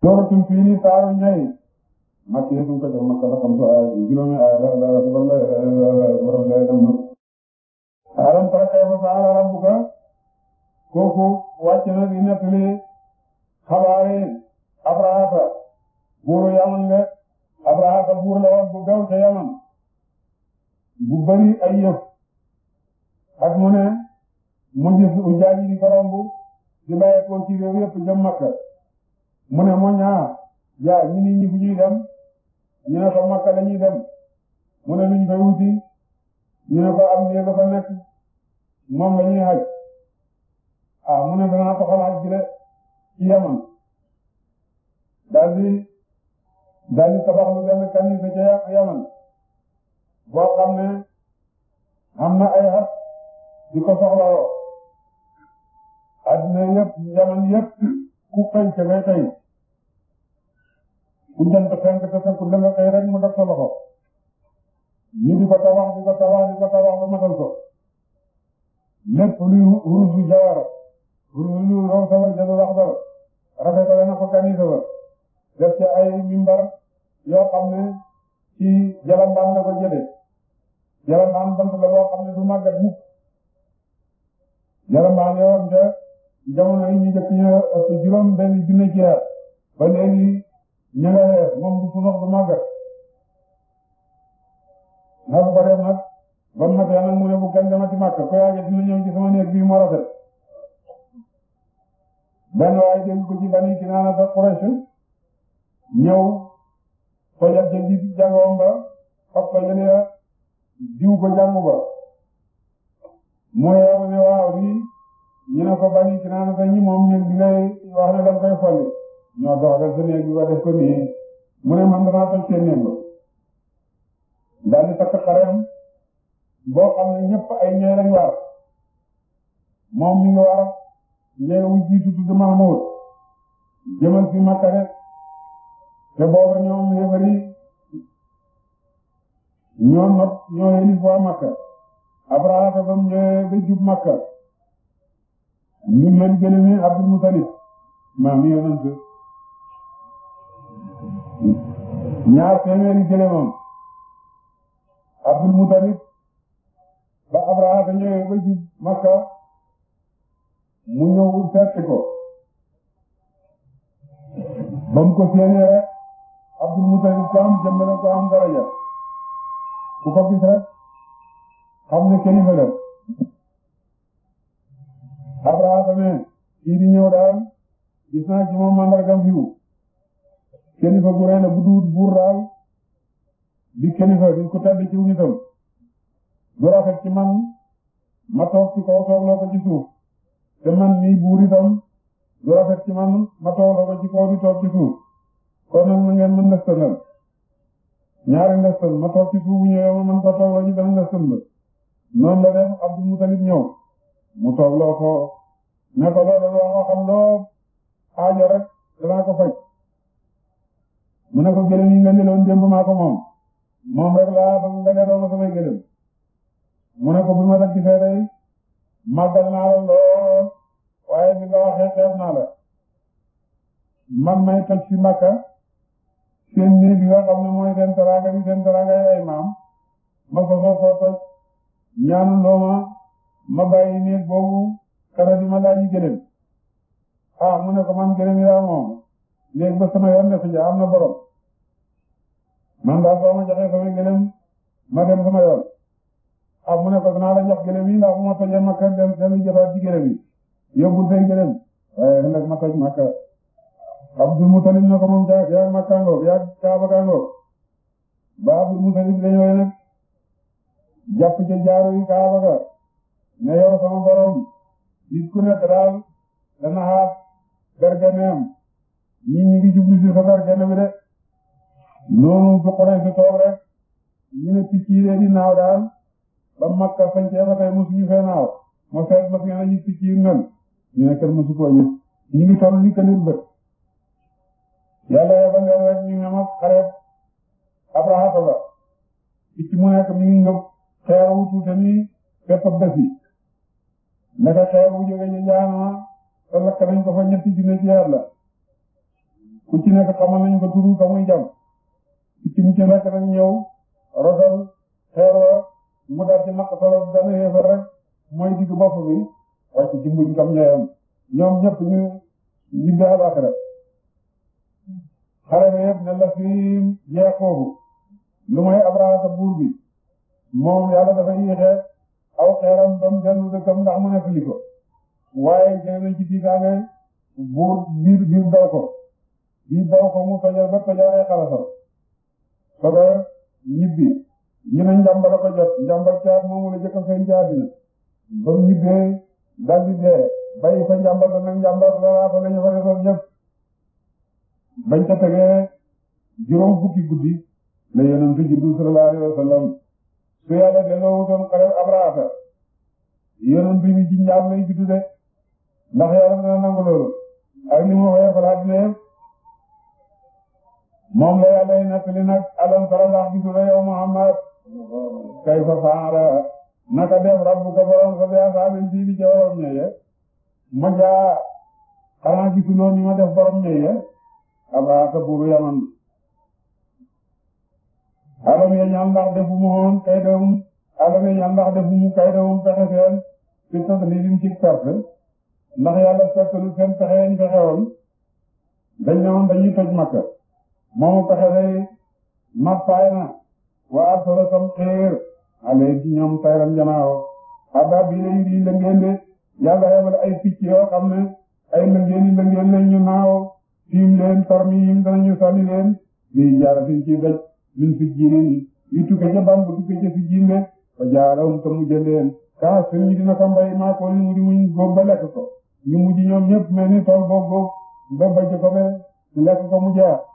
sooratum fii nii saaru ñay makki yi suñ ko def makka la xam su ay juróomi ay la la la subar la subar la dem na alam tara kayfa fa'ala rabbuka kooku wàcc na di nettali xabaari abrahata buuru yaman la abrahata buur la woon bu gaw ca yaman bu bari ay yëf ak mu ne mu gis u jaaji di ko romb di bàyyeekoo ci réew yëpp jëm makka mune ne moo ñaa ni ñi fu ñuy dem ñu ne ko Makka la ñuy dem mu ne luñ fay wuti ñu a fa nekk moom la ñuy xaj ah mu ne danaa toxal xaj gi ci Yaman daal di daal di tabax lu benn kanisa ca Yaman boo ne am na ku fañ ca ngay ku ñu ko fenk te fekk lu nga xëy rek mu def sa loxo ñu di ko tabax di ko tabax di ko tabax ba matal ko lépp luy wurus bi jawar wurus lu rong sawar jël wax dara rafetale na ko kani sawar def ci ay mimbar yoo xam ne ci jalambaan la ko jëlee jalambaan bant la boo xam ne du màggat mukk jalambaan yoo xam ne jamono yi ñu jëkk ñu ëpp juróom benn junne ci ba léegi ñu ne moom du suñu du màggat ndax bu ko def nag ba mu matee nag mu ne bu kenn demati màkk ko yaage dina ñëw ci sama néeg bii moo rafet benn waaye dégg ko ci bani Kinaana ba Quraysh ñëw ko yàgg di jàngoom ba fab ko yëlee diw ko jàngu ba mu yeewu ne waaw lii ñu ne ko bani Kinaana ñi moom ñun di ngay wax ne da nga koy folli ñoo doxal sa néeg bi ba def ko nii mu ne man damaa faj seen néeg ba daal takk xarem boo xam ne ñëpp ay ñeer lañ moom mi ngi war ñeewu jiitu tudd Mahmoud jëmal si Makka de te booba ñoom yéefar yi ñoo nopp ñoo yelif waa Makka Abraha ba mu ñëwee ba jub Makka ñu leen gëlëmee Abdul Mutalib maa mi yonent ñaar téeméeri jëlemam Abdul Mutalib ba Abraha ba ñëwee ba ci Makka mu ñëw fekk ko ba mu Abdul Mutalib ko am jëmm na ko am daraja ku ko gis rek xam ne kilifa la Abraha tamit kii di ñëw daal gis naa kilifa bu rëy la bu duut buur raay di kilifa ko tàbbi ci wuñitam du rafet ci man ma ci kaw toogloo ko ci suuf te man mii buur itam du rafet ci man ma toogloo ko ci kaw di toog ci suuf kon nag na ngeen mën ndëstanal ñaari ndëstan ma toog ci suuf bu ñëwee ma mën ko toogloo ci benn ndëstan ba noonu la def Abdul Mutalib ñëw mu toogloo ko ne ko loolu loo xam loo aajo rek danaa ko faj. mu ne ko gëlëm yi nga niloon démb maa ko moom moom rek laa ba nga delloo ma samay gëlëm ma la man may toj ci Makka seen nii bi nga xam ne mooy ma ko léegi ba sama yoon nekk ja am na borom man daal soo ma joxee sama gëlëm ma dem sama yoon ak ah, mu ne ko dinaa la jox gëlëm yi ndax bu ma tojee makka dem dellu jotaat ci gëlëm yi yóbbul say gëlëm waaye nag ma toj makka Abdul Mutalib na ko moom jaag yaag makka ngoog yaag kaaba ngoog ba Abdul Mutalib la ñëwee nag jàpp ca jaaru yi kaaba ga ne yow sama borom nit ku nekk daal dana xaar bergeneem ñii ñu ngi jublu si fagar jant bi de toog rek ñu picc yi de di naaw ba Makka fañ cee ba tey mosuñu fee naaw ma seet ba fi ñu picc yi mel ñu ne kenn mosu koo ñu ñu ngi toll ni kanir bët yàlla yabal leen rek ñu ñam ak xareeb Abraha ba picc nii fépp ak bés ko ku ci nekk xamal nañ ko turu ka muy jam ci mu ci nekk nag ñëw rosal xeer wa mu daal ci naq solo dana yéefar rek mooy digg bopp bi wàcc ci mbuñ kam ñooyam ñoom ñëpp ñu yibbe alaaxira xare bi yëpp ne la fi jeex foofu lu may abrahasa buur bi moom yàlla dafa yéexe aw xeeram ba mu dellu dëkkam ndax mu nekk li ko waaye jëlee nañ ci tiitaange buur biir biir daw ko bii baw ko mu tojal ba tojal ay xarafam soxla ñibbi ñu ne njàmbar a ko jot njàmbar caab moomu la jëkk a feeñ caabina ba mu ñibbee dal di dee bàyyi fa njàmbar ba nag njàmbar loola fa la ñu fa defoon ñëpp bañ ca tegee juróom fukki guddi la yonent juddu sallallahu alayhi wa sallam su yàlla delloo wutoon xare abraata yonent bi ci njaam lay juddu de ndax yàlla dana nangu loolu ak li mu waxee falaat ne moom la yàlla yi nettali nag alam tara ndax gisula yow Muhammad kayfa fa'ala naka def rabbuka borom sa bi asaabil fiili ca borom ñëye ma jaa xanaa gisuloo ni ma def borom ñëye abraata buuru yaman alam ye ñaan ndax kay dawum alam ye ñaan ndax kay dawum pexe seen fi tadlilin ci perte ndax yàlla perte lu seen pexe yañ pexe woon dañ ne woon moomu pexe day not faay na wa arsala sam xéer alay ci ñoom sayran janaaw abba bii lañ di lëngeen de yàlla yabal ay picc yoo xam ne ay lëngeen yi lëngeen lañ ñu tiim leen parmi yim danañu sànni leen lii jaara fiñ ci daj min fi jiirin yi tukke ca bam bu tukke ca fi jiin leen kaas fi ñu dina ko maa ko ni mu di muñ góob ba lekk ko ñu mujj ñoom ñëpp ni tool ko be lekk